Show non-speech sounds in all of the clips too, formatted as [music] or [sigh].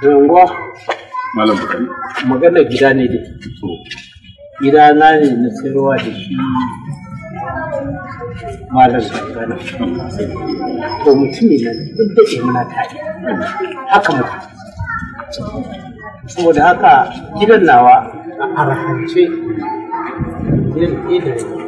Zango. Malam Bukari. Magana gida ne dai. Gida na ne na sayarwa da shi malam Gangana. To mutumi na duk da ke muna tare. Haka muka. Saboda haka gidan nawa a arahance gidan ɗaya da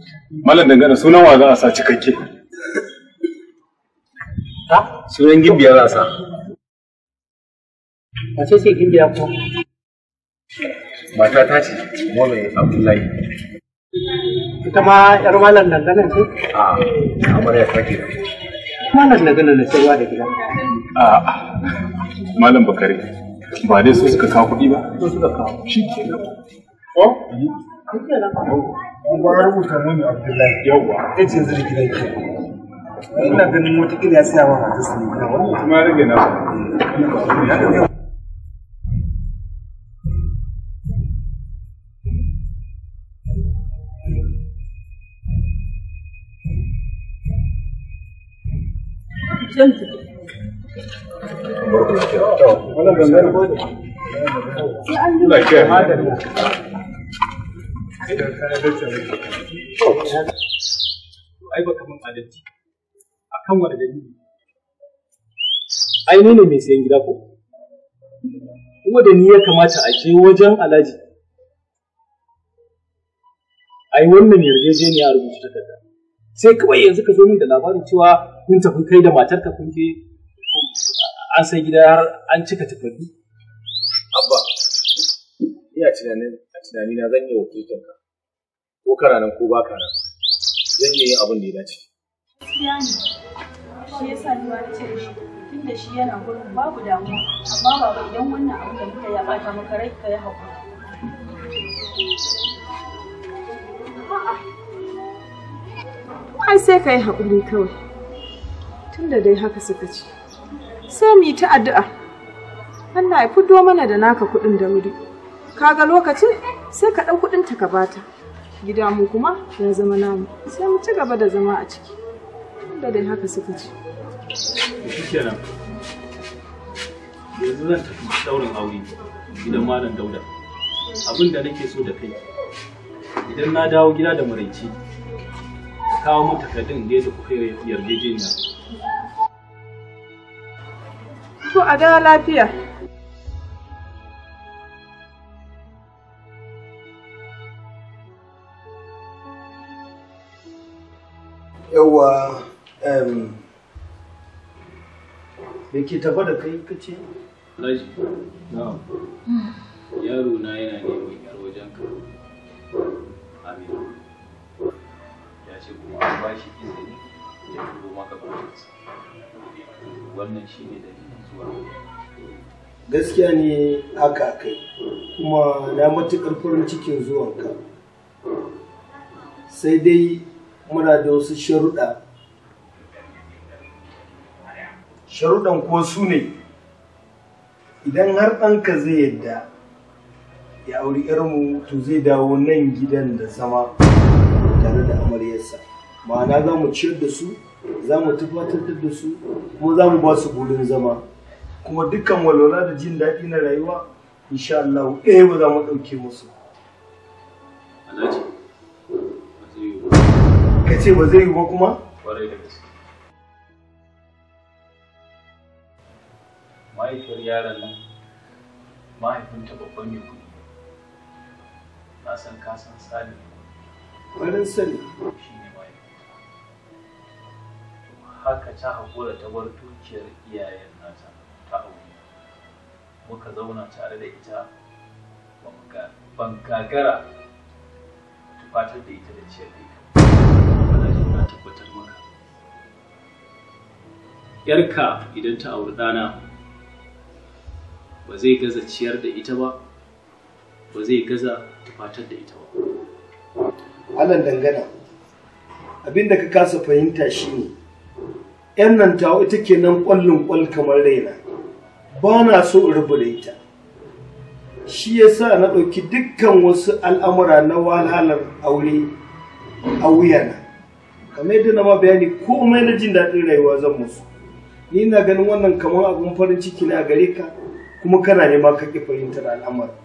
Malam dangane sunan wa za a sa cikakke. Ha? Sunan gimbiya za a sa. A ce gimbiya ko? Mata ta ce, Mole Abdullahi. Ita ma ‘yar malam dangane ce? A, amarya ta ke. Malam dangane na sayarwa da gida. A, malam bakare. Ba dai su suka kawo kuɗi ba? Su suka kawo. Shi ke nan. Oh? Shi ke nan. Uwa rubuta mami Abdullahi. Yawwa. Ya ce zai ke. Ina ganin watakila ya saya wa mata sani. kuma ya rage na. idan ka lalata rai to ai baka min adalci kan wani dalili ai ni ne mai sayan gida ko kuma da ni ya kamata a je wajen alaji ai wannan yarjejeniya a rubuta takarda sai kawai yanzu ka zo min da labarin cewa kun tafi kai da matarka kun je an sai gida har an cika takardu abba ina tunanin a tunanina zan iya wakiltar ka ko kana nan ko baka nan zan iya yin abin da ya dace gaskiya ne shi yasa ni ma ce tun da shi yana gurin babu damuwa amma baba idan wannan abu da muka ya bata maka rai ka yi haƙuri ai sai ka yi haƙuri kawai tun da dai haka suka ce sai mu yi ta addu'a Allah ya fito mana da naka kuɗin da wuri kaga lokacin sai ka ɗau ta ka bata gida mu kuma ya zama namu sai mu ci gaba da zama a ciki da dai haka suka ci shikenan yanzu zan tafi daurin aure gidan malam dauda abin da nake so da kai idan na dawo gida da maraice kawo mu takardun da yadda kuka yarjejeniya to a dawo lafiya yawa da ke tafa da kai kace ce? Laji, na yaro na yana neman yar wajen ka. amin Ya ce kuma an ba shi izini ya turo maka bakinsa. Wannan shi ne dalilin zuwa. Gaskiya ne haka kai, kuma na matuƙar farin cikin zuwanka. Sai dai muna da wasu sharuɗa sharuɗan ko su ne idan har ɗanka zai yadda ya auri yarmu to zai dawo nan gidan da zama tare da amaryarsa ma'ana za mu ciyar da su za mu tufatar da su kuma za mu ba su gudun zama kuma dukkan walwala da jin daɗi na rayuwa insha Allah ɗaya ba za mu ɗauke musu. Alhaji ka ce ba zai ba kuma? Kwarai da gaske. Mahaifiyar yaron nan mahaifinta babban ne kuɗi. Na san ka san sani. Wurin sani. Shi ne Haka ta haƙura ta bar dukiyar iyayen nata ta aure. Muka zauna tare da ita ban gagara tufatar da ita da ciyar da ita. na tabbatar maka yarka idan ta auri ɗana ba zai gaza ciyar da ita ba ba zai gaza tufatar da ita ba alan dangana abinda ka kasa fahimta shine yan nan ta ita ke nan ƙwallon ƙwal kamar raina ba na so in rubuta ita shi yasa na ɗauki dukkan wasu al'amura na walhalar aure a wuyana kamar yadda na ma bayani komai na jin daɗin rayuwa zan musu ni na ganin wannan kamar abin farin ciki ne a gare ka kuma kana nema ka ƙi fahimtar al'amarin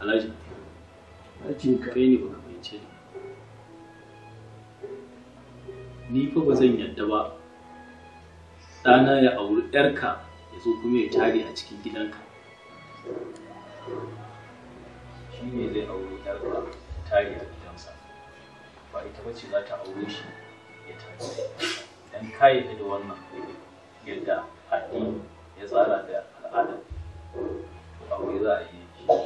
alhaji alhaji kai ne baka fahimce ni fa ba zan yadda ba ɗana ya auri ƴarka ya zo kuma ya tare a cikin gidanka shi ne zai auri ƴarka tare a ba ita ba ce za ta aure shi ya tafi dan ka yadda da wannan yadda addini ya tsara da al'ada aure za a yi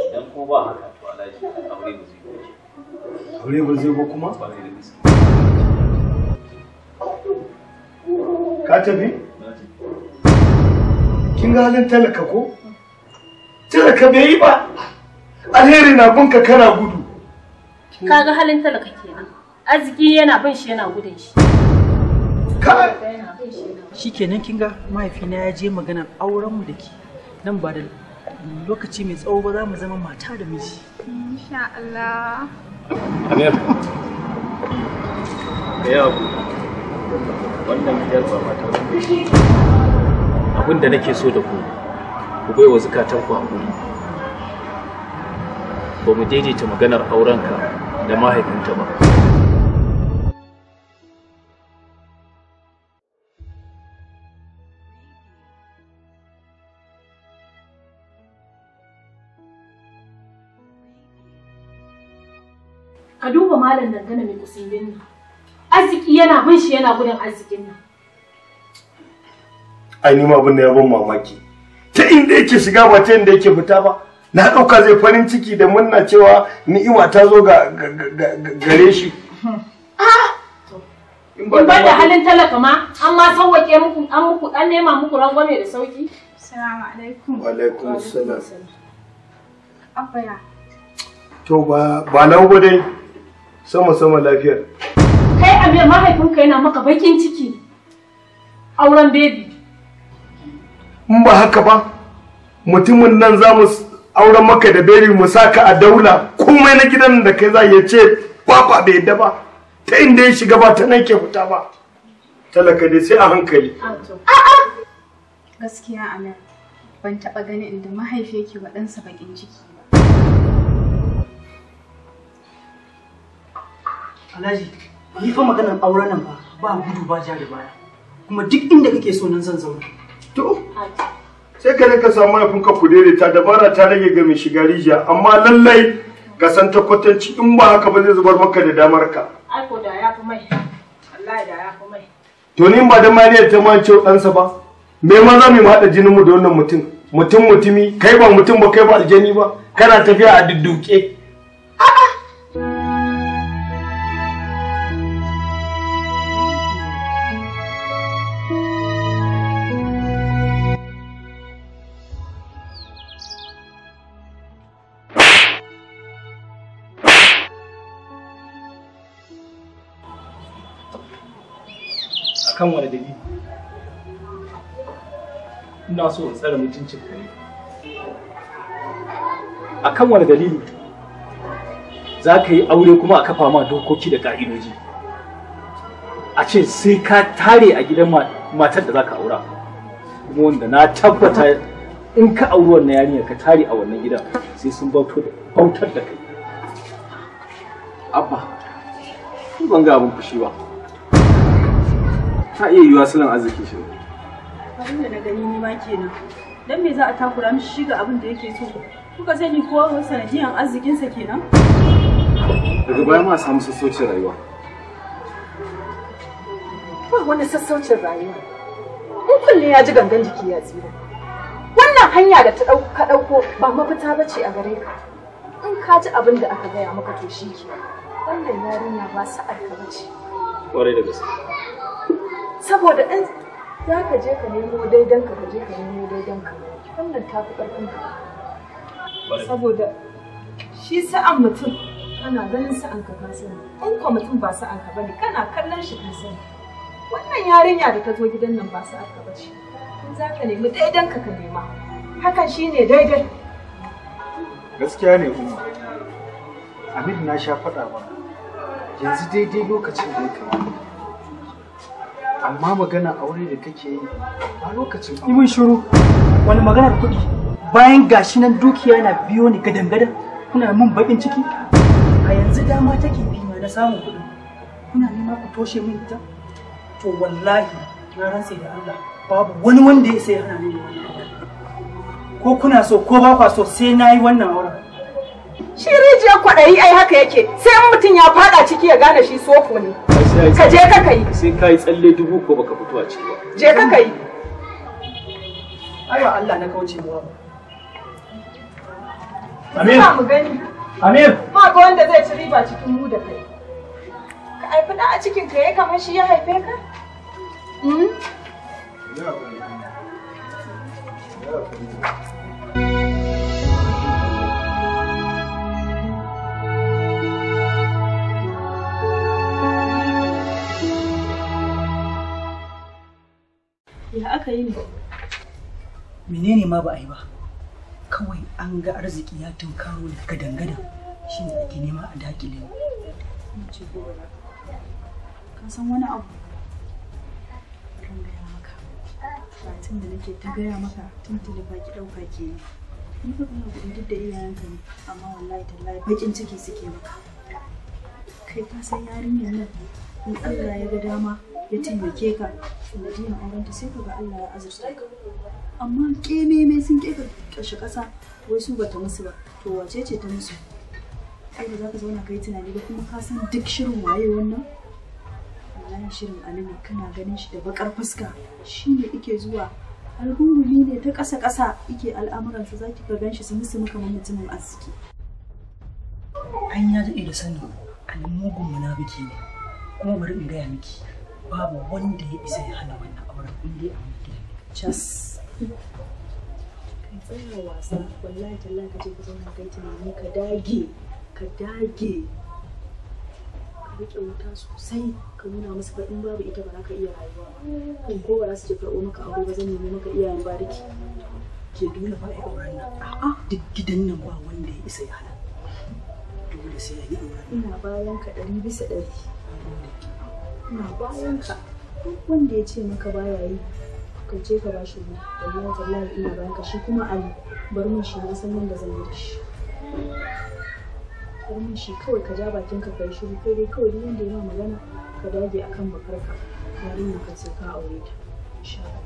idan ko ba haka to alaji aure ba zai yi aure ba zai ba kuma ba zai da gaske ka tafi kin ga halin talaka ko talaka bai yi ba alheri na bunka kana gudu kaga halin talaka arziki yana bin shi yana gudun shi shi kenan kin ga mahaifina ya je maganar aurenmu da ke nan ba da lokaci mai tsawo ba za mu zama mata da miji insha Allah Amir ya abu wannan gidan ba mata abin da nake so da ku ku bai wa zukatan ku haƙuri, ba mu daidaita maganar aurenka da mahaifinta ba ka duba malam dangana mai kusurin nan arziki yana bin shi yana gudun arzikin nan ai ni ma abin da ya ban mamaki ta inda yake shiga ba ta inda yake fita ba na ɗauka zai farin ciki da murna cewa ni'ima ta zo ga gare shi ah! in ba da halin talaka ma an ma sauke muku an muku dan nema muku rangwame da sauki assalamu alaikum wa alaikum assalam abaya to ba ba nan dai sama sama lafiyar kai amir mahaifinka yana maka bakin ciki auren baby in ba haka ba mutumin nan za mu auren maka da baby mu saka a daula komai na gidan da kai za ya ce ba, bai yadda ba ta inda ya shiga ba ta nan fita ba talaka dai sai a hankali gaskiya Amir, ban taɓa ganin inda mahaifi yake wa ɗansa bakin ciki Alhaji, ni fa maganar auren nan ba ba gudu ba ja da baya. Kuma duk inda kake so nan zan zauna. To, sai ka rinka samu mafin ka kudere ta dabara ta rage ga mai shiga rijiya amma lallai ka san ta kwatanci in ba haka ba zai zubar maka da damar ka. Ai ko da ya fi mai. Wallahi da ya fi mai. To ni ba da ta mace ɗansa ba. Me ma za mu haɗa jinin mu da wannan mutum? Mutum mutumi, kai ba mutum ba kai ba aljani ba, kana tafiya a dudduke. A'a ina so in tsare mutuncin kare a kan wani dalili za ka yi aure kuma a kafa ma dokoki da ka'idoji a ce sai ka tare a gidan matar da za ka aura kuma wanda na tabbata in ka auri wannan yarinya ka tare a wannan gidan sai sun bautar da kai abba ban ga abin fushi ba ta iya yiwa silan arziki shi abin da na gani ni ma kenan dan me za a takura mishi shi ga abin da yake so kuka sani ko sanadiyan arzikinsa kenan daga baya ma samu sassaucin rayuwa ba wani sassaucin rayuwa in kulle ya ji gangan jiki ya tsira wannan hanya da ta ka ɗauko ba mafita ba ce a gare ka in ka ji abin da aka gaya maka to shi ke wannan yarinya ba sa'ar ka ba ce ƙwarai da gaske saboda in za ka je ka nemo daidan ka ka je ka nemo daidan ka wannan ta fi ƙarfin ka saboda shi sa'an mutum kana ganin sa'an ka ka sani in ko mutum ba sa'an ka bane kana kallon shi ka sani wannan yarinya da ta zo gidan nan ba sa'an ka bace in za ka nemi daidan ka ka nema hakan shine daidai gaskiya ne umma Aminu na sha faɗa ba yanzu daidai lokacin da ya kamata amma magana aure da kake yi a lokacin yi mun shiru wani maganar kuɗi bayan gashi nan dukiya na biyo ni gadan-gadan kuna mun baƙin ciki a yanzu dama take bi na na samun kuɗi kuna nema ku toshe min ta? to wallahi na rantse da Allah babu wani wanda ya sai hana ni wannan ko kuna so ko ba kwa so sai na yi wannan auren Shi rijiyar kwaɗayi ai haka yake sai in mutum ya faɗa ciki ya gane shi soko ne. Ka je ka kai. Sai ka yi tsalle dubu ko baka fito a ciki ba. Je ka kai. Aiwa Allah na kauce mu. Ba mu gani. Amir. Ma ga wanda zai ci riba cikin mu da kai. Ka haifi ɗa a cikin ka yayi kamar shi ya haife ka? Mm? Yeah, Ya aka yi ne? Menene ma ba a yi ba. Kawai an ga arziki ya tunkaro da gadangadan shi ne ake nema a dakile. Ka san wani abu? Kan gaya maka. Tun da nake ta gaya maka tun tilifa ki ɗauka ke yi. Ni fa kuma kuɗin duk da iyayenka ne amma wallahi tallahi baƙin ciki suke maka. Kai ka san yarinyar nan in Allah ya ga dama ya taimake ka sanadiyan aurenta sai ka ga Allah ya azurta ka amma kememe sun keka kashe ƙasa wai su bata musu ba to wace ce ta musu Sai da za ka zauna kai tunani ba kuma ka san duk shirin waye wannan wallahi shirin alimi kana ganin shi da bakar fuska shine ike zuwa algungumi ne ta ƙasa ƙasa ike al'amuransa za ki ka gan shi su musu muka mutumin arziki an ya daɗe da sanin alimugun munafiki ne kuma bari in gaya miki babu wanda ya isa ya hana wannan auren in dai a mutum cas kai tsaya wasa wallahi tallahi ka je ka zauna kai tunani ka dage ka dage ka riƙe wuta sosai ka nuna musu ba in babu ita ba za ka iya rayuwa ba kan ko ba za su je karɓo maka aure ba zan nemi maka iyayen bariki ke dole ba a yi auren nan a'a duk gidan nan ba wanda ya isa ya hana dole sai yi ina bayan ka ɗari bisa ɗari ina bayan ka wanda ya ce maka baya yi ka je ka bashi ne wallahi wallahi ina bayan ka shi kuma ali bar min shi na san yadda zan yi shi bar min shi kawai ka ja bakin ka kai shiru kai dai kawai duk wanda ya ma magana ka dage akan bakarka yarinya ka sai ka aure ta insha Allah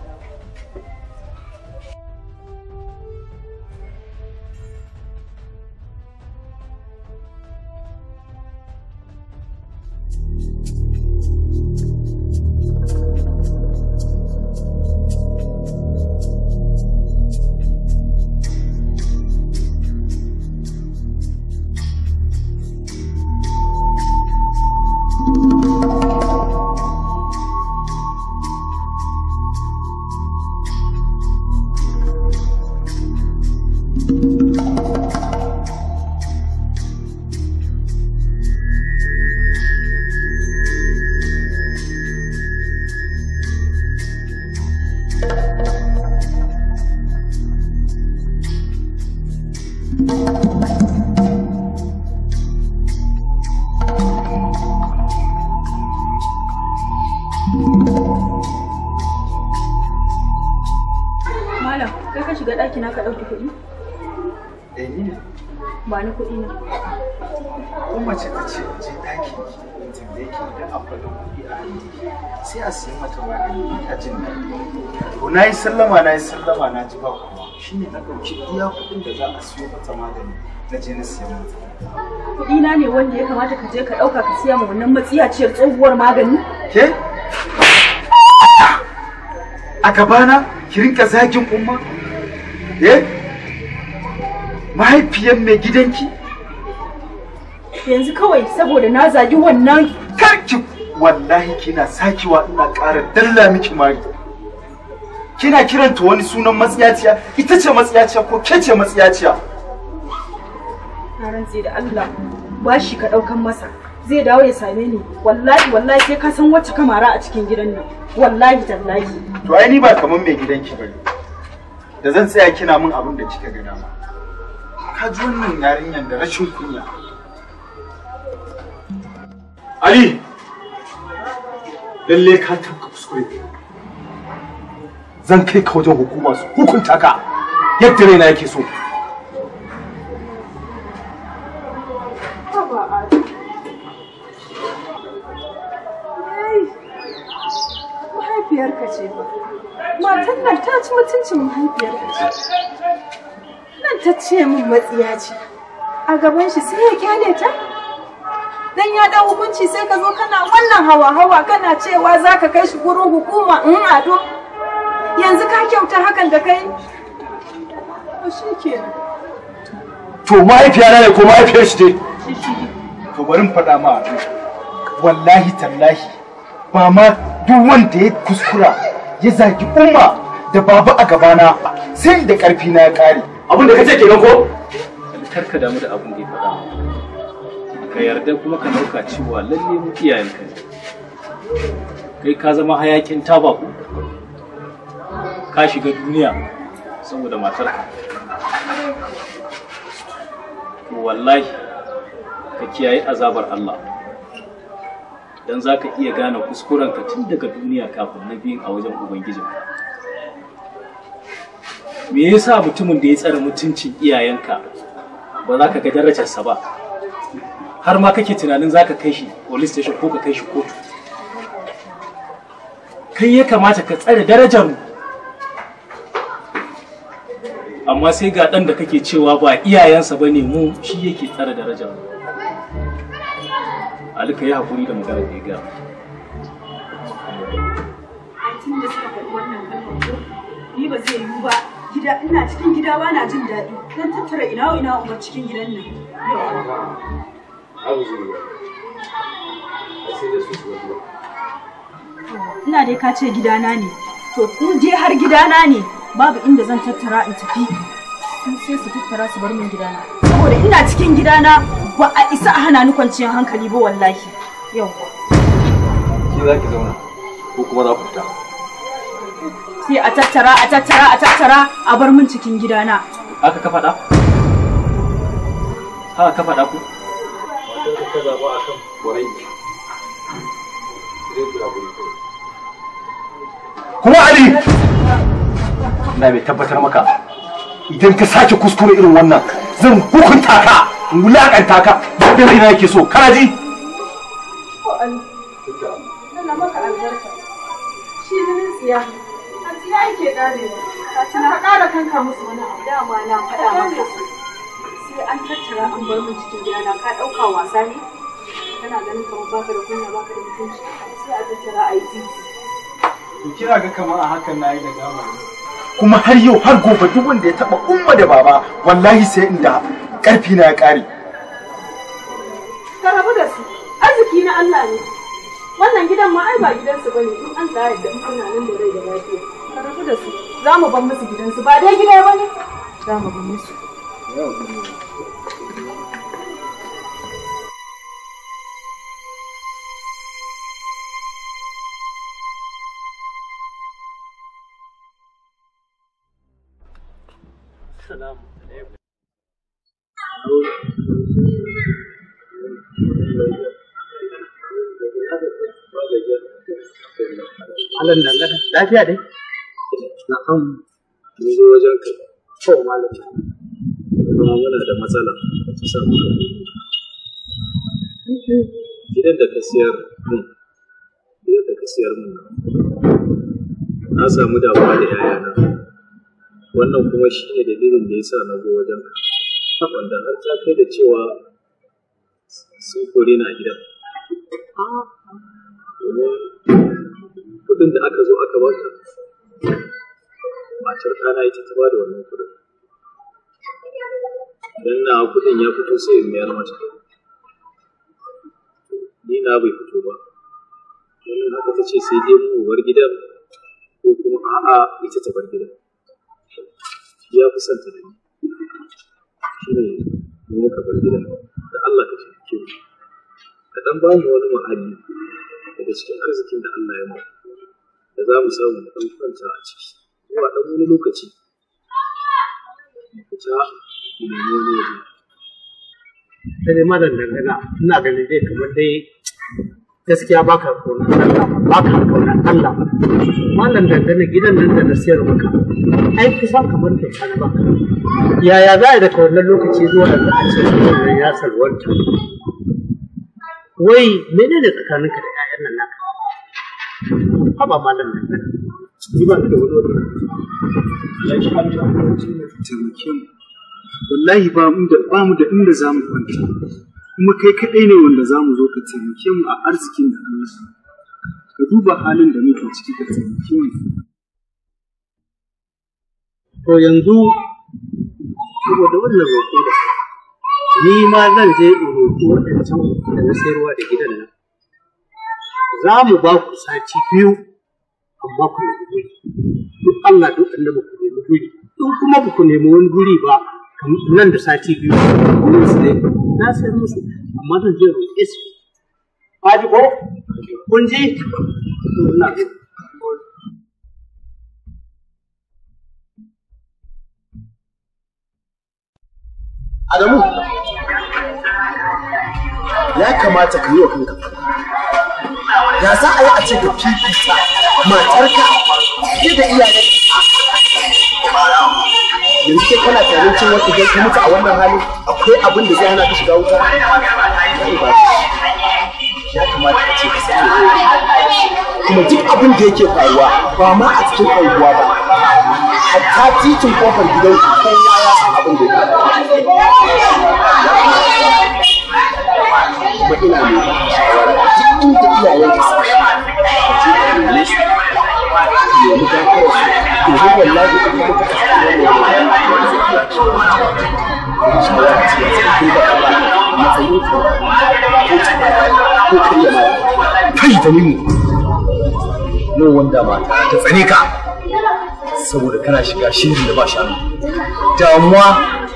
a siyan mata magani ina jin daɗi to na yi sallama na yi sallama na ji ba kuma ne na ɗauki iya kuɗin da za a siyo mata magani na je na siya mata kuɗina ne wanda ya kamata ka je ka ɗauka ka siya ma wannan matsiyaciyar tsohuwar magani ke a gabana ki rinka zagin umma eh mahaifiyar mai gidanki yanzu kawai saboda na zagi wannan kar karki wallahi kina sakewa ina ƙara dalla miki mari kina kiranta wani sunan matsiyaciya ita ce matsiyaciya ko ke ce matsiyaciya rantsi da Allah ba shi ka ɗaukan masa zai dawo ya same ni wallahi wallahi sai ka san wacce kamara a cikin gidan nan wallahi tallahi to ai ni ba kaman mai gidanki bane da zan tsaya kina min abin da kika ga dama ka ji wannan yarinyar da rashin kunya Ali lalle ka tabka kuskure zan kai ka wajen hukuma su hukunta ka yadda raina yake so mahaifiyarka ce ba matan nan ta ci mutuncin ka ce nan ta ce min matsiya ce a gaban shi sai ya kyale ta dan ya dawo hukunci sai ka zo kana wannan hawa-hawa kana cewa za ka kai shi gurin hukuma in mm, ado yanzu ka kyauta hakan da kai to mahaifiya na ne ko mahaifiyar shi dai to bari in faɗa ma ado wallahi tallahi ba ma duk wanda ya kuskura ya zagi umma da baba a gabana sai da ƙarfi na ya ƙare abin da kace kenan ko ka damu da abin da ya faɗa ka yarda kuma ka ɗauka cewa lalle mu iyayen ne kai ka zama hayakin tabaku ka shiga duniya saboda matar matarka wallahi ka kiyaye azabar Allah dan za ka iya gane kuskurenka tun daga duniya kafin na biyun a wajen ubangijin me yasa mutumin da ya tsare mutuncin iyayenka ba za ka ga darajarsa ba har ma kake tunanin za ka kai shi police station ko ka kai shi kotu kai ya kamata ka tsare darajar mu amma sai ga dan da kake cewa ba iyayensa ba ne mu shi yake tsare darajar mu Ali ka yi haƙuri da magana da ya gaya ni ba zai yiwu ba gida ina cikin gida ba na jin daɗi don tattara ina ina umar cikin gidan nan ina dai ka ce gidana ne to in je har gidana ne babu inda zan tattara in tafi sun sai su tattara su bar min gidana saboda ina cikin gidana ba a isa a hana ni kwanciyar hankali ba wallahi yau ki za ki zauna ko kuma za ku fita sai a tattara a tattara a tattara a bar min cikin gidana Aka ka faɗa haka ka faɗa ku ka zaba a kan kwarai kuma ali na mai tabbatar maka idan ka sake kuskure irin wannan zan hukunta ka wulakanta ka ba da raina yake so karaji tsiya a tsiya yake karewa ka ƙara kanka musu wani abu dama na faɗa maka kai an tattara an bar mu cikin gidana ka ɗauka wasa ne kana ganin kamar baka da kunya baka da mutunci sai a tattara a yi titi to kira ga kamar a hakan na yi da dama kuma har yau har gobe duk wanda ya taba umma da baba wallahi sai inda karfi na ya kare ka rabu da su arziki na Allah ne wannan gidan ma ai ba gidansu bane in an tsaya da in nan da rai da lafiya ka rabu da su za mu ban musu gidansu ba dai gida bane za mu ban musu Alan dangana, lafiya dai? Na'am. Mun zo wajen ka. To malam. Kuma muna da matsala ta samu. Gidan da ka siyar mun. da ka siyar mun. Na samu damuwa da yayana. Wannan kuma shi ne dalilin da ya sa na zo wajen ka. Wanda har ta kai da cewa sun kore na gidan. Ah. kuɗin da aka zo aka ba ta matar ɗana ita ta ba da wannan kuɗin don na kuɗin ya fito sai in mayar mata ni na bai fito ba wannan haka ta ce sai dai mu bar gidan ko kuma a'a ita ta bar gida ya fi son ta da ni shi ne muka bar gida da Allah ka taimake mu ka dan ba mu wani muhalli daga cikin arzikin da Allah ya mu da za mu samu ɗan kwanta a ciki zuwa ɗan wani lokaci fita mu nemi wani waje sai dai madan dangana ina ganin dai kamar dai gaskiya baka kauna Allah baka kauna Allah malam dangana gidan nan da na sayar maka ai kusan kamar ta kan baka yaya za a da wannan lokaci zuwa da za a ce ya salwanta wai menene tsakaninka da 'ya'yan nan haba malam nan ni ba da wani wani ya shi hannu a lokacin da taimake mu wallahi ba mu da inda za mu kwanta kuma kai kaɗai ne wanda za mu zo ka taimake mu a arzikin da Allah ka duba halin da muke ciki ka taimake mu to yanzu saboda wannan roƙo da ni ma zan je in roƙi waɗancan da na sayarwa da gidan nan za mu ba ku sati biyu amma ku nemi guri duk Allah duk annabi ku nemi guri in kuma ba ku nemi wani guri ba nan da sati biyu gurin su ne na sayar musu amma zan je roƙe su ba ji ko kun ji na Adamu, ya kamata ka yi wa kanka ya za a yi a ce ka fifita matarka fiye da iyayen yanzu ke kana tsarin cin wata idan ka mutu a wannan hali. akwai abin da zai hana ka shiga wuta ya kamata ka ce ka sani kuma duk abin da yake faruwa ba ma a cikin unguwa ba hatta titin kofar gidan kowa ya san abin da yake faruwa ko karya ma kai ta nimu no wanda ba ta tsane ka saboda kana shiga shirin da ba shanu damuwa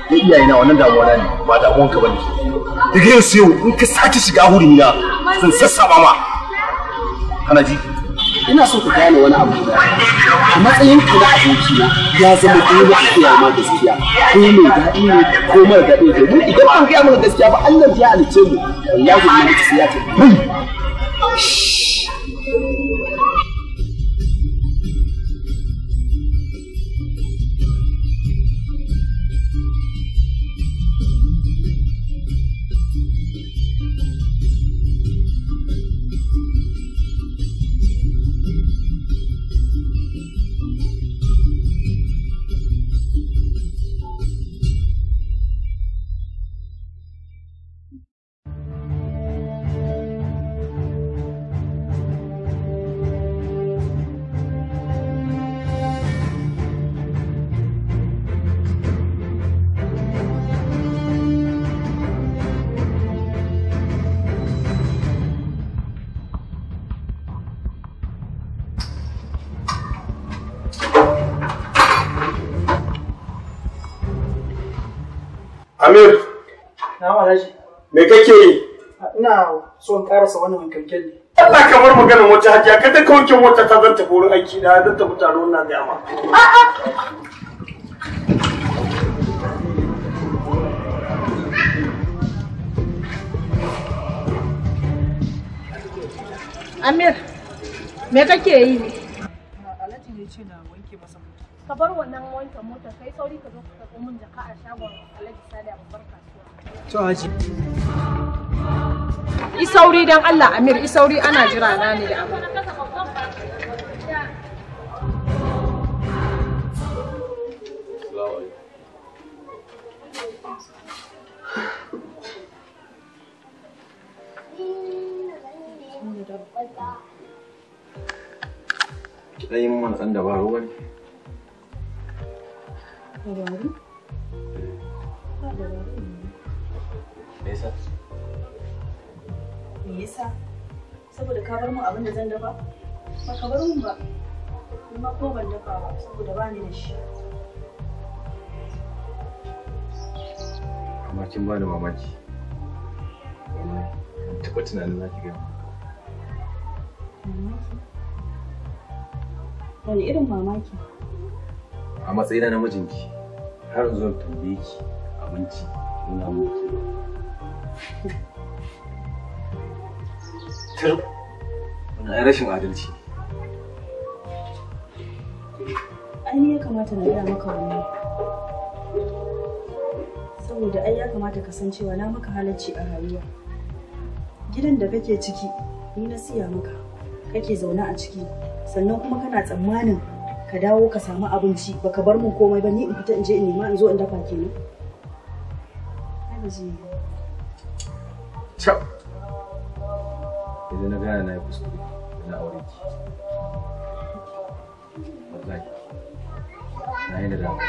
da iyaye na wannan damuwa na ne ba damuwan ka bane daga yau sai in ka sake shiga hurin na zan sassaba ma kana ji ina so ka gane wani abu a matsayin ka na abokina ya zama dole a gaya ma gaskiya ko mai daɗi ne ko mara daɗi ne domin idan ban gaya mana gaskiya ba Allah ya halice mu والله ما نفسي ina son karasa wani wankanken ne. Allah ka bar maganin wata hajiya ka ta kaukin wata ta zan tafi wurin aiki da zan tafi taro na gaya ma. Amir, me kake yi ne? Alhaji ne ce na wanke masa mota. Ka bar wannan wanke mota kai sauri ka zo ka karɓo min jaka a shagon Alhaji Sadiya Abubakar. To haji. Isauri Allah Amir, isauri ana jira na ne da abu. Dabaru? Dabaru. Me yasa? Me Saboda ka bar mu abin da zan dafa? Ba ka bar mu ba. Kuma ko ban dafa ba saboda ba ni da shi. Amma kin ba da mamaki. Taɓa tunanin za ki gaya Mamaki? Wani irin mamaki? A matsayi na mijinki har zuwa tambaye ki abinci nuna muku. Tir. Wannan rashin adalci. Ai ya kamata na gaya maka wannan. Saboda ai ya kamata ka san cewa na maka halacci a rayuwa. Gidan da kake ciki ni na siya maka. Kake zaune a ciki sannan kuma kana tsammanin ka dawo ka samu abinci baka bar mun komai ba ni in fita in je in nema in zo in dafa ke Ai Cap. Idan na gaya na yi kuskure, na aure ki. Wallahi. Na yi nadama.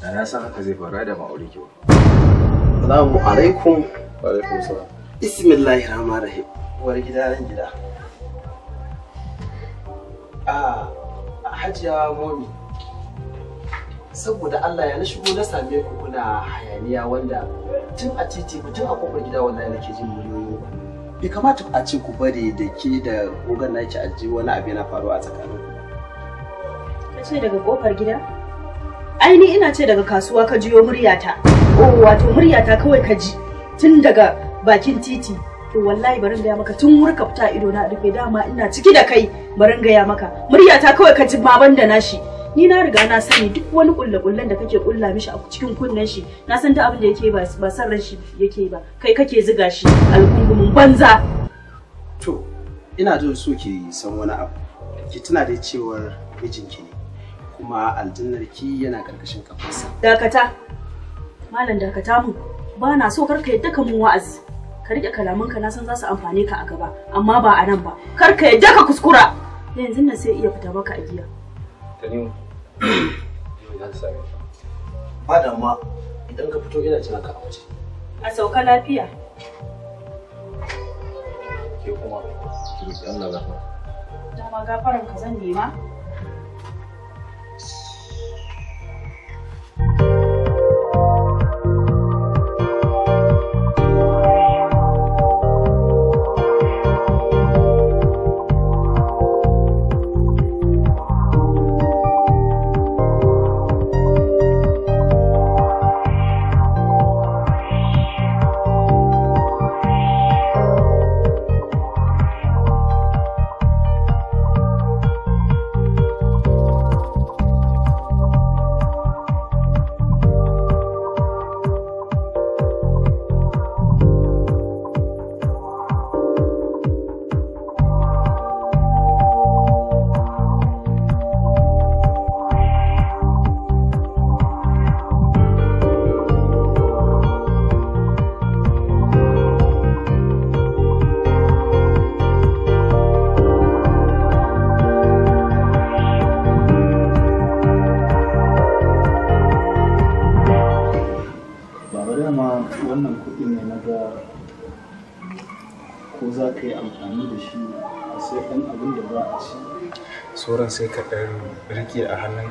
Da na san haka zai faru da ma aure ki ba. Assalamu alaikum. Wa alaikum salam. Bismillahir rahmanir rahim. Uwar gida ran gida. Ah, Hajiya Momi. saboda Allah ya na shigo na same ku kuna hayaniya wanda tun a titi ku tun a kofar gida wallahi nake jin muryoyi bai kamata a ce ku bari da ke da ogan naki a ji wani abu yana faruwa a tsakanin ku. ka ce daga kofar gida ai ni ina ce daga kasuwa ka jiyo muryata oh wato muryata kawai ka ji tun daga bakin titi to wallahi barin gaya maka tun wurka fita ido na rufe dama ina ciki da kai barin gaya maka muryata kawai ka ji baban da nashi ni na riga na sani duk wani kulle-kullen da kake kulla mishi a cikin kunnen shi na san duk abin da yake ba ba san ran shi yake ba kai kake ziga shi alkungumin banza to ina jin so ki san wani abu ki tuna da cewar mijinki ne kuma aljannar ki yana karkashin kafarsa dakata malam dakata mun ba na so karka yadda ka mun wa'azi ka rike ka na san za su amfane ka a gaba amma ba a nan ba karka yadda ka kuskura yanzu nan sai iya fita baka a giya Ba da ma idan ka fito ina jiran ka a waje. A sauka lafiya. Ke kuma ki roki Allah gafara. Dama gafaran ka zan nema?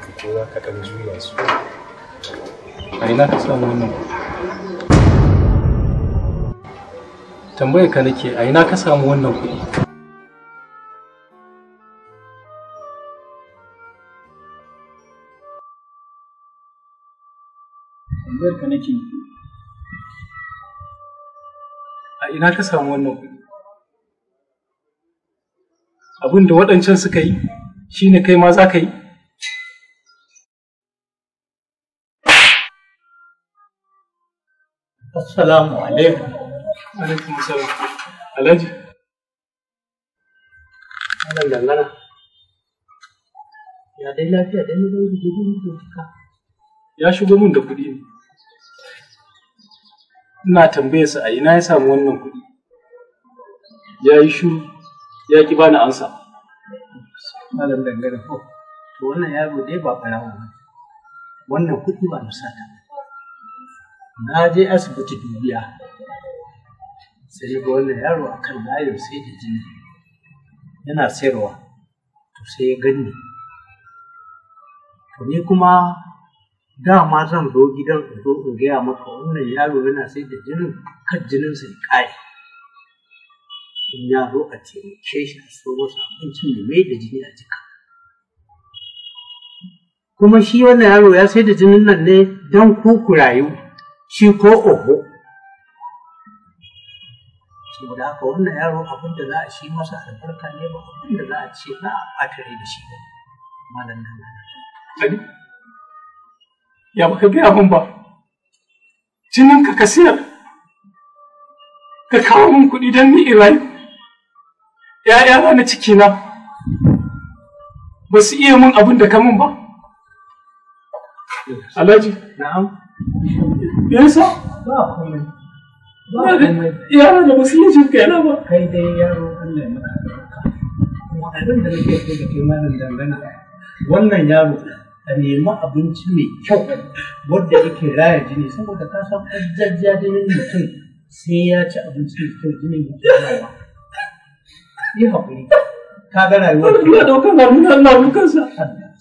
haka ko za ka ɗan juya su a ina ka samu wannan tambayar ka nake a ina ka samu wannan kuɗi a ina ka samu wannan kuɗi abin da waɗancan suka yi shi ne kai ma za ka yi Assalamu alaikum. Alaikum salam. Alhaji. Malam dangana. Ya dai lafiya dai ne zai gudu muku ka. Ya shigo min da kuɗi Ina tambaye su a ina ya samu wannan kuɗi. Ya yi shiru, ya ki bani amsa. Malam dangana ko. To wannan yaro dai ba farawa ba. Wannan kuɗi ba na sata. na je asibiti dubiya sai ga wannan yaro a kan layin sai da jini yana sayarwa to sai ya gani to ni kuma dama zan zo gidan in zo in gaya maka wannan yaro yana sai da jinin kan jininsa ya ƙare in ya zo a taimake shi a so masa abincin da mai da jini a jika kuma shi wannan yaro ya sai da jinin nan ne don ku rayu shi ko oho saboda haka wannan yaro abin da za a shi masa albarka ne ba abin da za a ce za a ɓatare da shi ba malam nan Ali ya baka gaya min ba jinin ka ka siyar ka kawo min kuɗi don ni irai ‘ya'ya na cikina ba su iya min abin da ka min ba Alhaji na'am Me yasa? Ba komai. Ba komai. Yaro da musulunci ka yana ba. Kai dai yaro Allah ya maka Kuma abin da nake so da kai malam dangana wannan yaro a nemi abinci mai kyau wadda yake raya jini saboda ka san jajja jinin mutum sai ya ci abinci mai kyau jinin yake rayawa. Yi haƙuri. Ka ga rayuwar. Ina ɗaukar na nuna Allah kansa.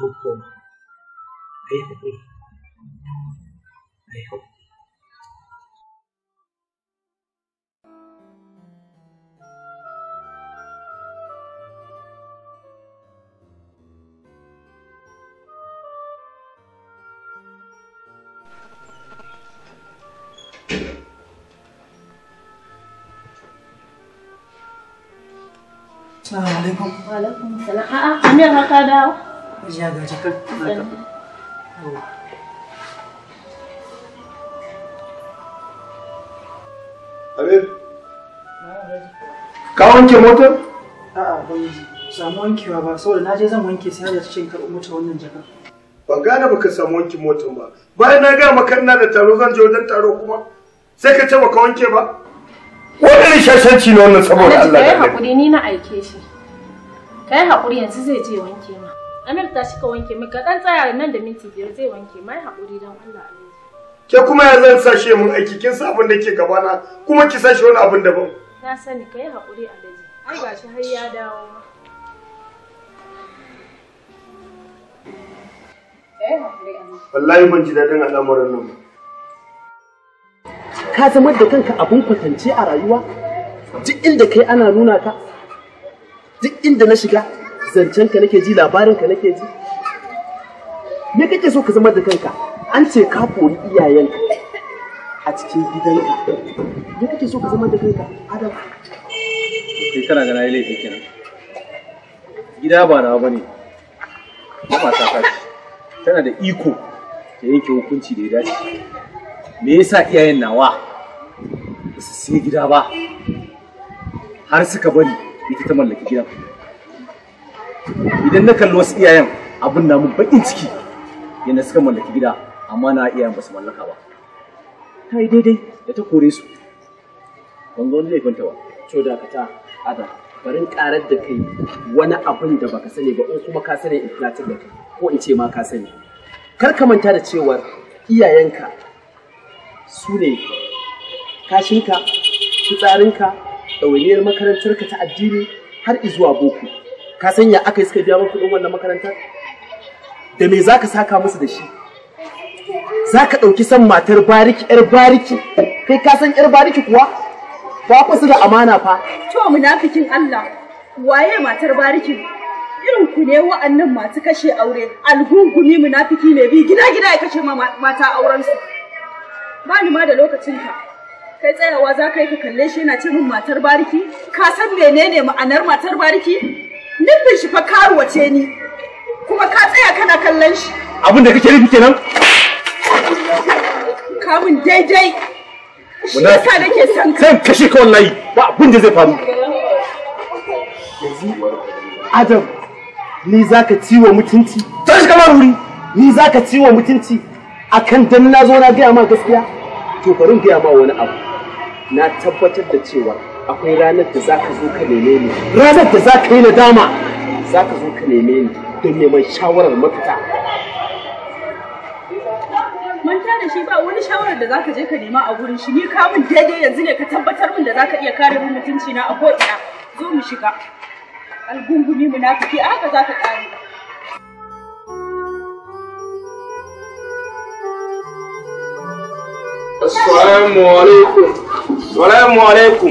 hukum ayah putri ayah putri Assalamualaikum. Waalaikumsalam. Ah, ah, kami akan kadal. Hajiya ga jakar. Habib. Ka wanke motar? A'a ban samu wankewa ba saboda na je zan wanke sai da cikin karɓi mota wannan jakar. Ban gane baka samu wanke motar ba. Bayan na gaya maka ina da taro zan je wajen taro kuma sai ka ce baka wanke ba. Wani ne shashanci ne wannan saboda Allah. Alhaji ka yi haƙuri ni na aike shi. Ka yi haƙuri yanzu zai je wanke ma. Amir ta shi ka wanke min ka dan tsaya nan da minti biyar zai wanke mai haƙuri don Allah Amir. Ke kuma ya zan sashe mun aiki kin san abin da ke gabana kuma ki sashe wani abin da ban. Na sani ka yi haƙuri Daji. Ai gashi har ya dawo ma. Wallahi ban ji daɗin al'amuran nan ba. Ka zama da kanka abin kwatance a rayuwa? Duk inda kai ana nuna ka? Duk inda na shiga zancen ka nake ji labarin ka nake ji me kake so ka zama da kanka an ce ka koyi iyayenka a cikin gidanka me kake so ka zama da kanka adam sai kana ga nayi laifi kenan gida ba nawa bane ba ta ce tana da iko ta yanke hukunci da ya dace me yasa iyayen nawa ba su sai gida ba har suka bari ita ta mallaki gidan idan na kalli wasu iyayen abin na mun bakin ciki yana suka mallaki gida amma na iyayen ba su mallaka ba ta yi daidai da ta kore su ban ga wani ba to da ka ta ada barin karar da kai wani abin da baka sani ba in kuma ka sani in filatar da kai ko in ce ma ka sani kar ka manta da cewar iyayenka su ne kashinka fitsarinka ɗawainiyar makarantarka ta addini har zuwa boko ka sanya aka yi suka biya maka kuɗin wannan makarantar da me za ka saka musu da shi za ka ɗauki san matar bariki yar bariki kai ka san yar bariki kuwa ba ku su da amana fa to munafikin Allah waye matar bariki irin ku ne wa'annan masu kashe aure algungumi munafiki mai bi gida gida ya kashe mata auren su ba ni ma da lokacin ka kai tsayawa za ka yi ka kalle shi yana ce min matar bariki ka san menene ma'anar matar bariki nufin shi fa karuwa ce ni kuma ka tsaya kana kallon shi abin da kake nufi kenan kamun daidai shi yasa nake son ka zan kashe ka wallahi ba abin da zai faru adam ni zaka ciwo mutunci shi kamar wuri ni zaka ciwo mutunci akan dan na zo na gaya ma gaskiya to bari gaya ma wani abu na tabbatar da cewa akwai ranar da za ka zo ka neme ni ranar da za ka yi na dama. za ka zo ka neme ni don neman shawarar mafita manta da shi ba wani shawarar da za ka je ka nema a gurin shi ni ka daidai yanzu ne ka tabbatar min da za ka iya kare min mutunci na a ko'ina zo mu shiga algungumi fiki a haka za ka kare Assalamu alaikum. Assalamu alaikum.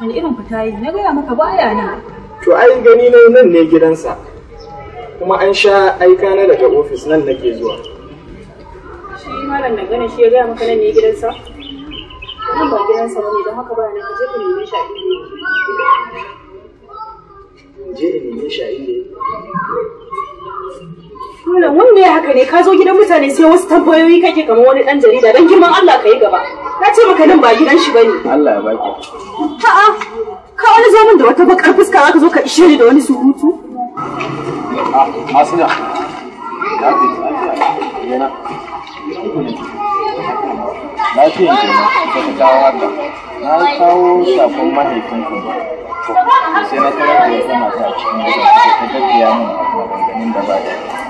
Wani irin fita yi? Na gaya maka baya nan. To ai gani ne nan ne gidansa. Kuma an sha aika na daga ofis nan nake zuwa. Shi malam na gana shi ya gaya maka nan ne gidansa? Nan ba gidansa ba ne don haka ba nan ka je ka nemi shi a inda Je in nemi shi a inda Malam wanda ya haka ne ka zo gidan mutane sai wasu tambayoyi kake kamar wani dan jarida dan girman Allah ka yi gaba. Na ce maka nan ba gidan shi bane. Allah ya baki. A'a ka wani zo min da wata bakar fuska zaka zo ka ishe ni da wani surutu. Na ce ne ka ta kawo haka. Na kawo sakon mahaifinku to sai na tarar da wata mata a cikin gidan ta gaggaya min maganganun da ba da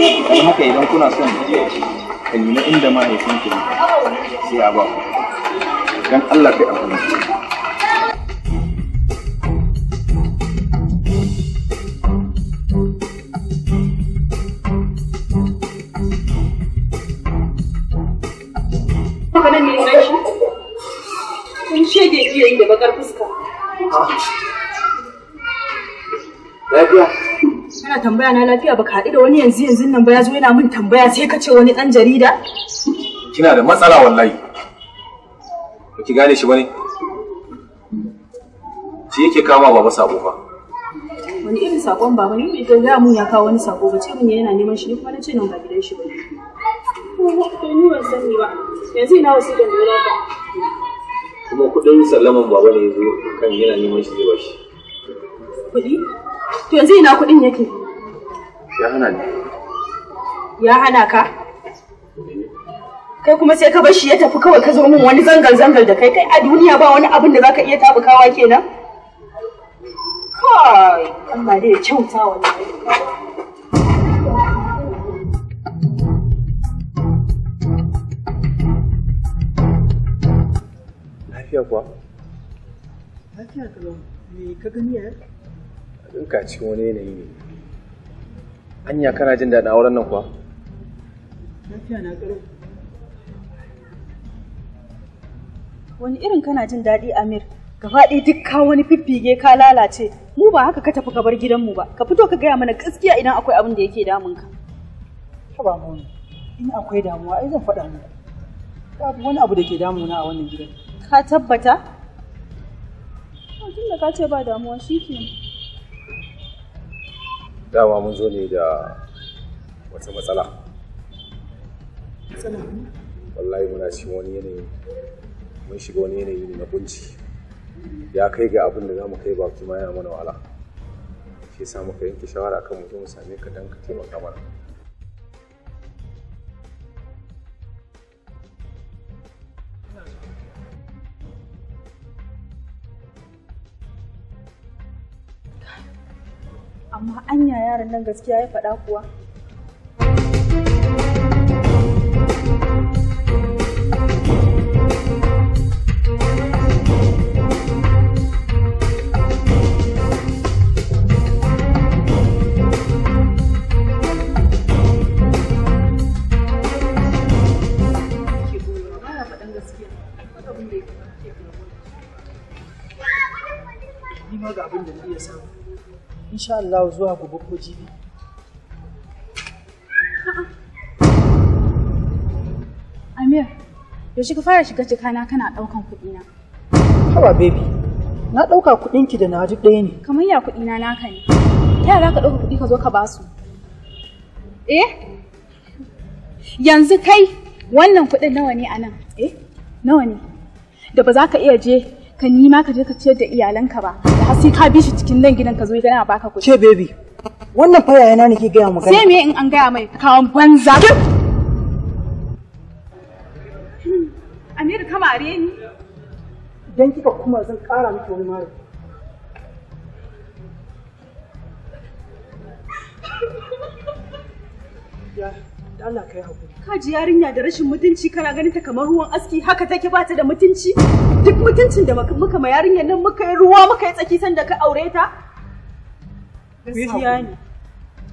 don haka idan kuna son ka nemi inda mahaifin ki sai a ba don Allah kai amfani Kun Kana tambaya na lafiya baka haɗu da wani yanzu yanzu nan ba ya zo yana min tambaya sai ka ce wani ɗan jarida? Kina da matsala wallahi. Ba ki gane shi ba ne? Shi yake kama baba sako fa. Wani irin sakon baba ne mai gaya mun ya kawo wani sako ba ce mun yana neman shi ne kuma na ce nan ba gidan shi ba ne. Ni ban sani ba. Yanzu ina wasu da zuwa ba. Kuma kuɗin sallaman baba ne ya zo kan yana neman shi zai ba shi. Kuɗi? To yanzu ina kuɗin yake? Ya hana ni. Ya hana ka? Kai kuma sai ka bar shi ya tafi kawai ka zo min wani zangal-zangal da kai kai a duniya ba wani abin da zaka iya tabukawa kenan? Kai, Allah dai ya kyauta wallahi. Lafiya kuwa? Lafiya kalau me ka gani ya? Ka cikin wani yanayi ne. Anya kana jin daɗin auren nan kuwa? Lafiya na ƙaro. Wani irin kana jin daɗi Amir? ɗaya duk ka wani fiffige ka lalace. Mu ba haka ka tafi ka bar gidanmu ba. Ka fito ka gaya mana gaskiya idan akwai abin da yake damun ka. ba mu. In akwai damuwa ai zan faɗa muku. Babu wani abu da ke damuna a wannan gidan. Ka tabbata? Tun da ka ce ba damuwa shi kenan. dama mun zo ne da wata matsala wallahi muna cikin wani yanayi mun shiga wani yanayi ne na kunci ya kai ga abin da za mu kai baki ma yana mana wahala shi sa muka yanke shawara kan mu mu same ka dan ka taimaka mana amma anya yaron nan gaskiya ya faɗa kuwa insha Allah zuwa gobe ko jibi Amir shi ka fara shiga jikana kana daukan kuɗina. na Hawa baby na dauka kuɗinki ki da na ji ɗaya ne kamar ya kuɗi na naka ne ta za ka dauka kuɗi ka zo ka ba su eh yanzu kai wannan kuɗin nawa ne anan eh nawa ne da ba za ka iya je ka nima ka je ka ciyar da iyalanka ba har sai ka bi shi cikin nan gidan ka zo a baka kuɗi ce baby wannan fa yana ne gaya magana sai me in an gaya mai kawon banza hmm. Amir kamare ni idan kika kuma zan ƙara miki wani mara ya Allah kai hakuri Kaji yarinya da rashin mutunci kana ganin ta kamar ruwan aski haka take ba ta da mutunci? Duk mutuncin da muka ma yarinyar nan muka yi ruwa muka yi tsaki sanda ka aure ta? Gaskiya ne.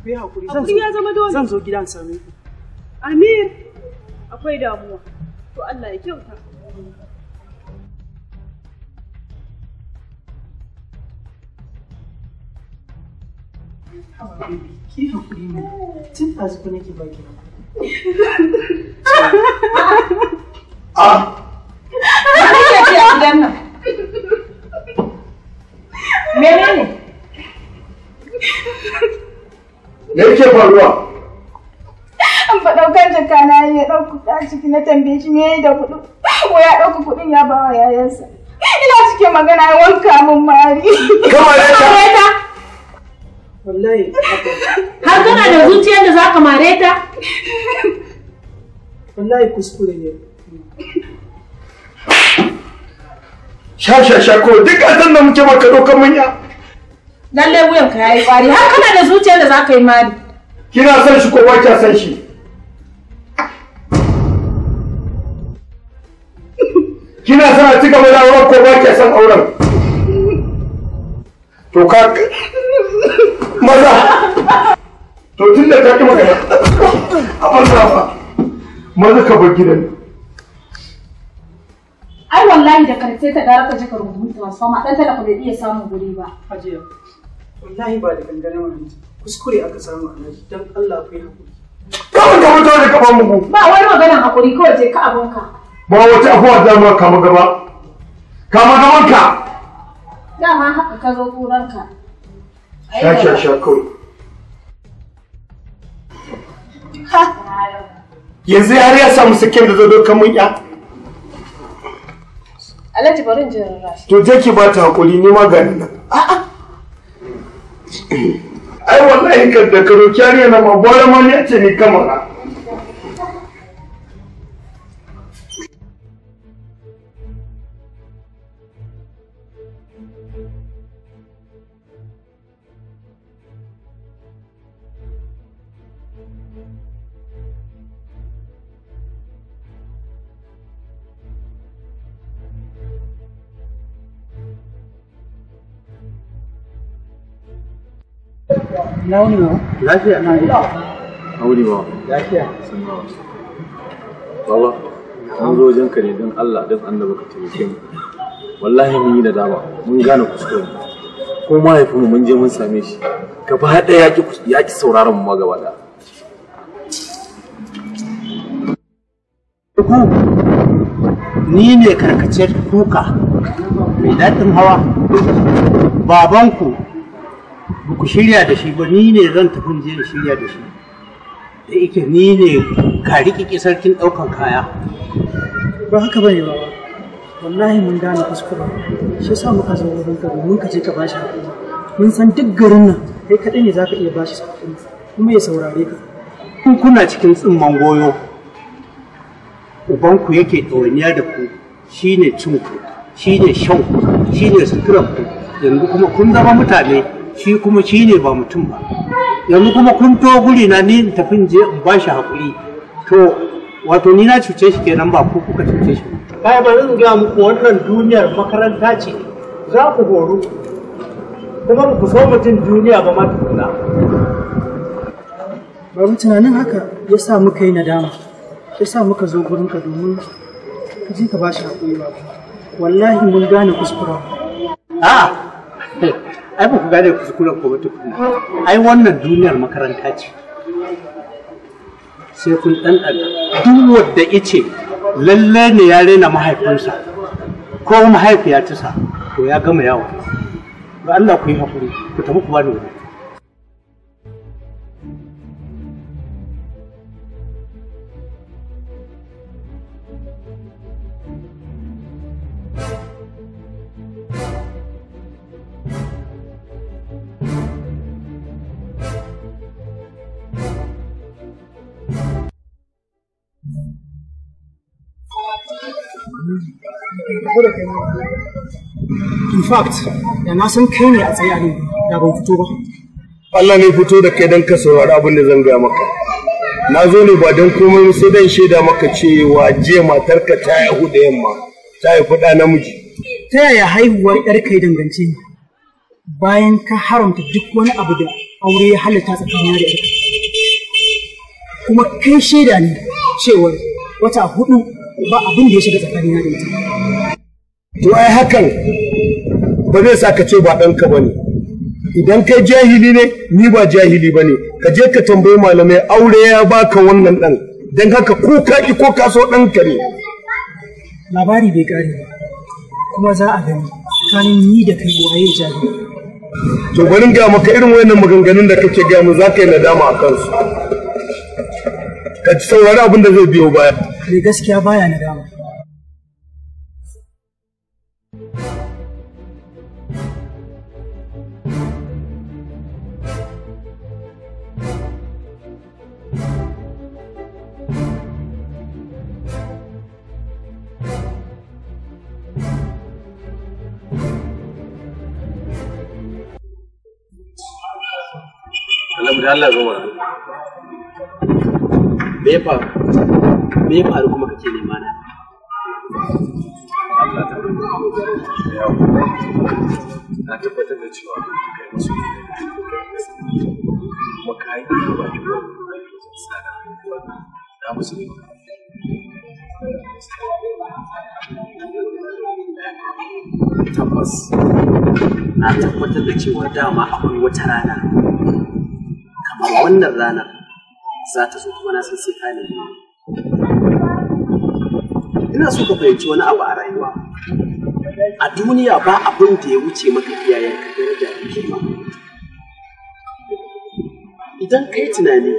Ku hakuri. ya zama dole. Zan zo gidan same Amir, akwai damuwa. To Allah ya kyauta. Ki hakuri ne. Tun ɗazu ku nake baki hakuri. a kake ce a gidan nan menene me yake faruwa an fa daukar jaka na ya dauku ta ciki na tambaye shi me da kudu ko ya dauku kuɗin ya bawa yayansa ina cikin magana ya wanka mun mari kamar ta wallahi har kana da zuciyar da zaka mare ta wallahi kuskure ne sha sha sha ko duk a da muke maka dokan munya Lalle wuyan ka yayi kwari har kana da zuciyar da zaka yi mari kina san shi ko ba kya san shi kina son a cika gaba da auren ko ba kya son auren to ka maza to tun da ta magana a fa maza ka bar gidan ai wallahi da karshe ta gara ka je ka rubuta ma dan talaka bai iya samun guri ba hajiya wallahi ba da gangana wannan kuskure aka samu annabi dan Allah ku yi hakuri kawai ka mutu da kafan mugu ba wani maganan hakuri kawai je ka abunka ba wata afuwa da ma kama gaba kama gaban ka dama haka ka zo turanka ka ta sha sha kawai yanzu ya riya samu sakin da zai dokan mun ya Alhaji bari in jin rashi. To je ki ba ta hakuri ni ma ga nan. Ai wallahi kan da karo kyariya na ma bore ma ne ce ni kamar. Na wuni ba? Lafiya na ba. Lafiya. Baba, mun zo wajen ka ne don Allah don annabi ka taimake mu. Wallahi mun yi da dama, mun gane kuskure. Ko mahaifinmu mun je mun same shi. Kafa haɗa ya ki sauraron mu ma gaba Ku ni ne karkace kuka mai daɗin hawa babanku ba ku shirya da shi ba ni ne zan tafi je in shirya da shi da yake ni ne ka riƙiƙi sarkin ɗaukan kaya ba haka bane ba wallahi mun gane kuskure shi sa muka zo wurin ka mun ka je ka bashi hakuri mun san duk garin nan kai kaɗai ne zaka iya bashi hakuri kuma ya saurare ka kun kuna cikin tsimman goyo ubanku yake ɗawainiya da ku shine cinku shine ku shine ku yanzu kuma kun zama mutane shi kuma shi ne ba mutum ba yanzu kuma kun to guri na ni in tafi in je in ba shi haƙuri to wato ni na cuce shi kenan ba ko kuka cuce shi kai ba zan ga muku wannan duniyar makaranta ce za ku horu kuma ku so mutum duniya ba ma tukuna mu tunanin haka ya sa muka yi nadama ya sa muka zo ka domin ka ji ka ba shi haƙuri ba wallahi mun gane kuskura a ah! ai ba ku gane kuskuren ko ba tukuna ai wannan duniyar makaranta ce sai kun dan duk wanda ice lalle ne ya rena mahaifinsa ko mahaifiya sa to ya gama yawo ga Allah ku yi hakuri ku tafi ku bani wani fact da na san kai ne a tsaye a da ban fito ba Allah ne fito da kai don ka saurari abin da zan gaya maka na zo ne ba don komai sai dan shaida maka cewa jiya matarka ta haihu da yamma ta haifi ɗa namiji ta yaya haihuwar ƴarka kai dangance ne bayan ka haramta duk wani abu da aure ya halatta tsakanin da kuma kai shaida ne cewar wata hudu ba abin da ya shiga tsakanin da ita to ai hakan ba zai sa ka ce ba ɗanka ba ne idan kai jahili ne ni ba jahili ba ne ka je ka tambayi malamai aure ya baka wannan ɗan don haka ko ka ki ko ka so ɗanka ne labari bai ƙare ba kuma za a gani tsakanin ni da kai waye jahili to gwanin ga maka irin wayannan maganganun da kake ga mu za ka yi nadama a kansu ka saurari abin da zai biyo baya. Mai gaskiya baya nadama. da Allah zo mana me ya faru me ya faru kuma kake nema na Allah ta na tabbatar da cewa kai musu kuma kai da ba na musu ne tabbas na tabbatar da cewa dama akwai wata rana wannan ranar za ta zo kuma na san sai ka nemi ina so ka fahimci wani abu a rayuwa a duniya ba abin da ya wuce maka iyayenka daraja da kima idan ka yi tunani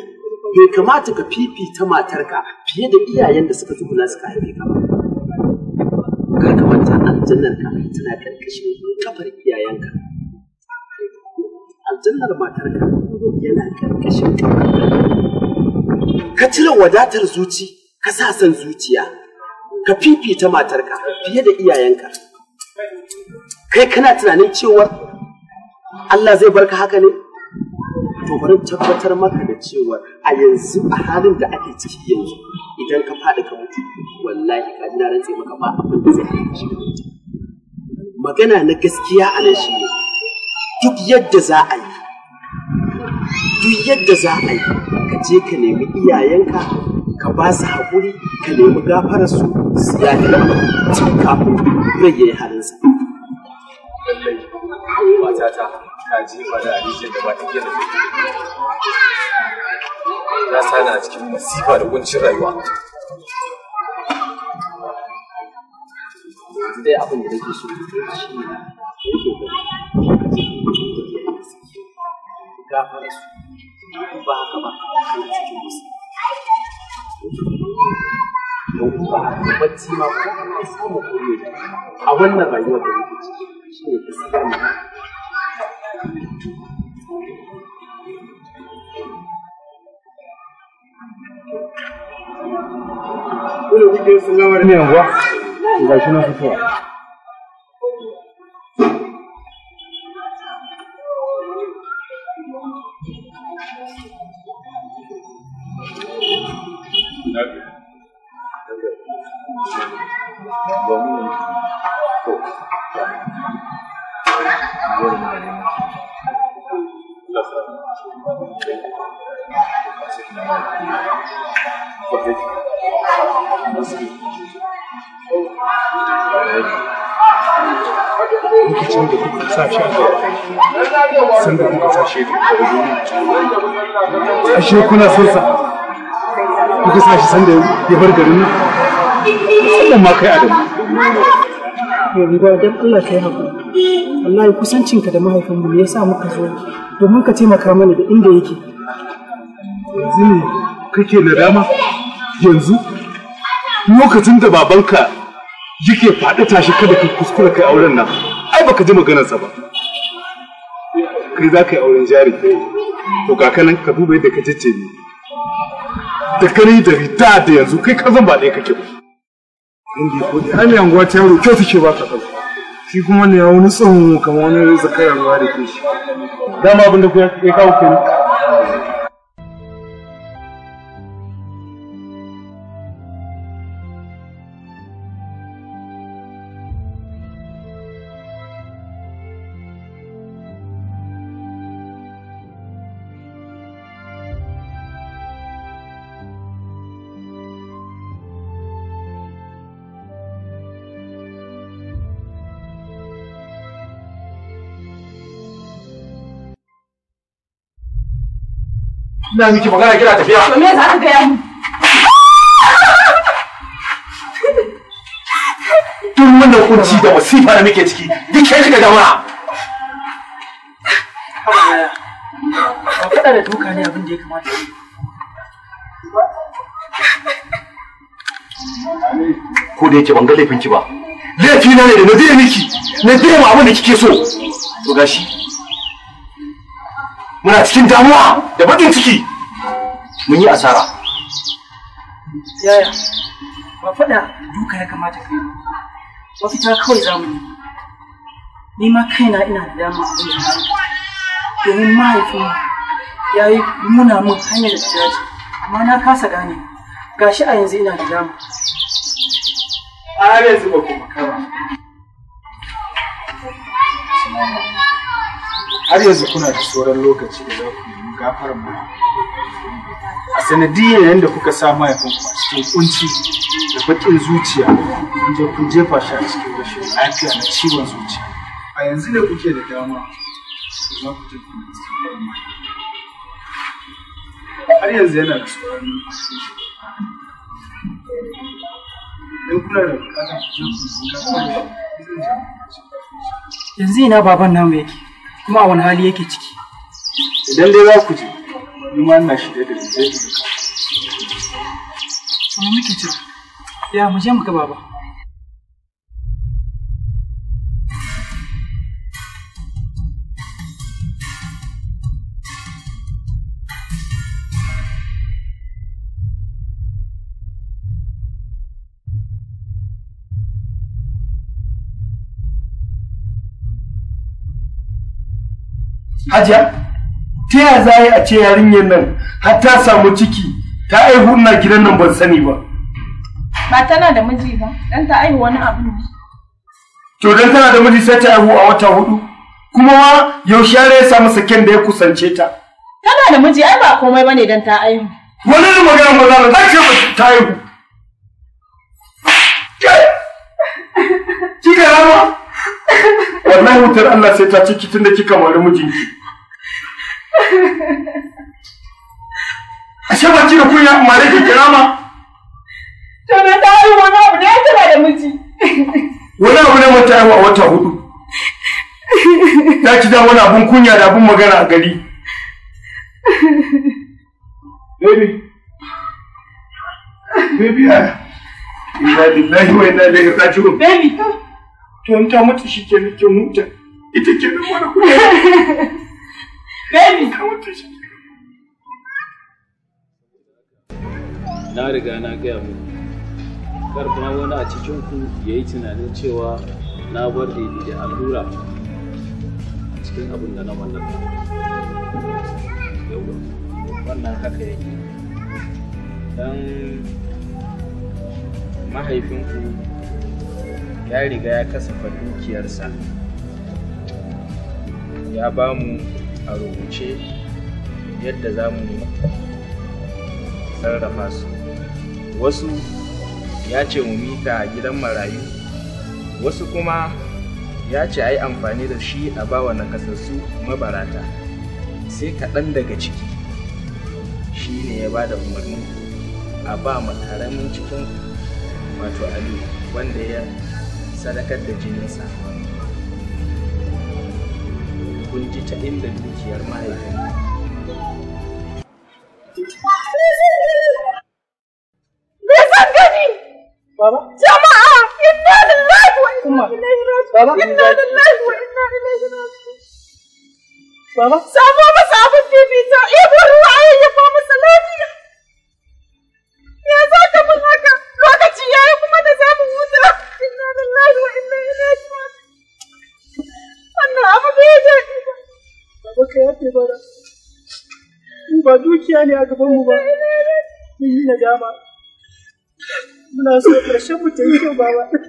bai kamata ka fifita matarka fiye da iyayen da suka tukuna suka haife ka ba ka kamata aljannar ka tana karkashin kafar iyayenka aljannar matarka yana ƙarƙashin ka cire wadatar zuci ka sa son zuciya ka fifita matarka fiye da iyayenka kai kana tunanin cewa Allah zai barka haka ne to bari tabbatar maka da cewa a yanzu a halin da ake ciki yanzu idan ka faɗi ka mutu wallahi ka ji rantse maka ba abin da zai magana na gaskiya a nan shi ne duk yadda za a yi duk yadda za a yi ka je ka nemi iyayenka ka ba su haƙuri ka nemi gafararsu su yafi tun kafin rai ya yi halinsa. Lallai, matata ta ji a rijiyar da ba ta gina da Na sana cikin masifa da kuncin rayuwa. sai abin da nake so shi ne gafara su ba haka ba su cikin ba, don ba haka ba a wannan rayuwar da shi ne ne 你在训练不错。来，来，来，我们走。sanda kuka sa shi a gaba sanda kuka sa shi a shi kuna son sa kuka sa shi sanda ya bar garin nan sannan ma kai adam yanzu don Allah kai haƙuri wallahi kusancinka da mahaifinmu ya yasa muka zo domin ka taimaka mana da inda yake yanzu ne kake nadama yanzu lokacin da babanka yake faɗi tashi kada ka kuskura kai auren nan ai baka ji maganarsa ba kai za ka yi auren jari to kakanan ka duba yadda ka jajje ni da kare da rita da yanzu kai ka zan ba ɗaya kake ba inda ko da ai anguwa ta yaro kyau take ba ka ba shi kuma ne ya wani tsohon kamar wani zakara ruwa da ke shi dama abin da ku ya kawo kenan na miki magana kira tafiya to me za ka ga mu duk wannan kunci da wasifa da muke ciki duk kai shiga jama'a faɗa da duka ne abin da ya kamata ko da yake ban ga laifinki ba laifi na ne da na zai miki na zai ma abin da kike so to gashi muna cikin damuwa da baƙin ciki mun yi asara yaya ba faɗa duka ya kamata kai mafita kawai za mu yi ni ma kaina ina da dama a wajen domin mahaifin ya yi nuna mun hanyar da dace amma na kasa gane gashi a yanzu ina da dama a yanzu ba kuma kama har yanzu kuna da sauran lokaci da za ku yi gafarar mu a sanadiyar yadda kuka sa mahaifin a cikin kunci da baƙin zuciya kun je kun jefa shi a cikin rashin lafiya da ciwon zuciya a yanzu ne kuke da dama za ku tafi ku nemi har yanzu yana da sauran lokaci idan kuna da buƙatar ku je yanzu ina baban namu yake kuma wani hali yake ciki idan dai za ku je ni ma ina shi da zai kuma muke cewa ya mu je mu ga baba ajiya ta ya za a ce yarinyar nan har ta samu ciki ta aihu ina gidan nan ban sani ba ba tana da miji ba dan ta aihu wani abu ne to dan tana da miji sai ta aihu a wata hudu kuma ma yaushe ya samu saken da ya kusance ta tana da miji ai ba komai bane dan ta aihu wani ne magana maza na ta ce ta aihu kika rama wannan hutar Allah sai ta ciki tun da kika mari mijinki Ashe ba ki da kunya amma da ke kira ma. To na ta yi wani abu da ya tana da miji. Wani abu ne wata yawa a wata hudu. Ta ci da wani abun kunya da abun magana a gari. Baby. Baby ya. Inna lahi wa inna ilaihi raji'un. Baby. To in ta mutu shi ke kin huta. Ita ke kenan wani kunya. [laughs] Baby! Na riga na gaya muku, kar ma wani a cikinku ya yi tunanin cewa na bar daidai da allura cikin abin da na wannan Yawwa, wannan haka yake. Dan mahaifinku ya riga ya kasafa dukiyarsa ya ba mu a rubuce yadda za mu sarrafa su wasu ya ce mu mika gidan marayu wasu kuma ya ce a yi amfani da shi a bawa nakasassu mabarata sai kaɗan daga ciki shi ne ya ba da umarni a ba mu karamin cikin wato aliyu wanda ya sadakar da jininsa kun ta inda dukiyar mahaifin me jama'a inna lillahi wa inna ilaihi raji'un inna lillahi wa inna ilaihi raji'un baba samo masa abin fifita ibo ruwa ya fa masa lafiya ka yafe in ba dukiya ne a gaban mu ba mun yi nadama muna so ƙarshen mu ta yi kyau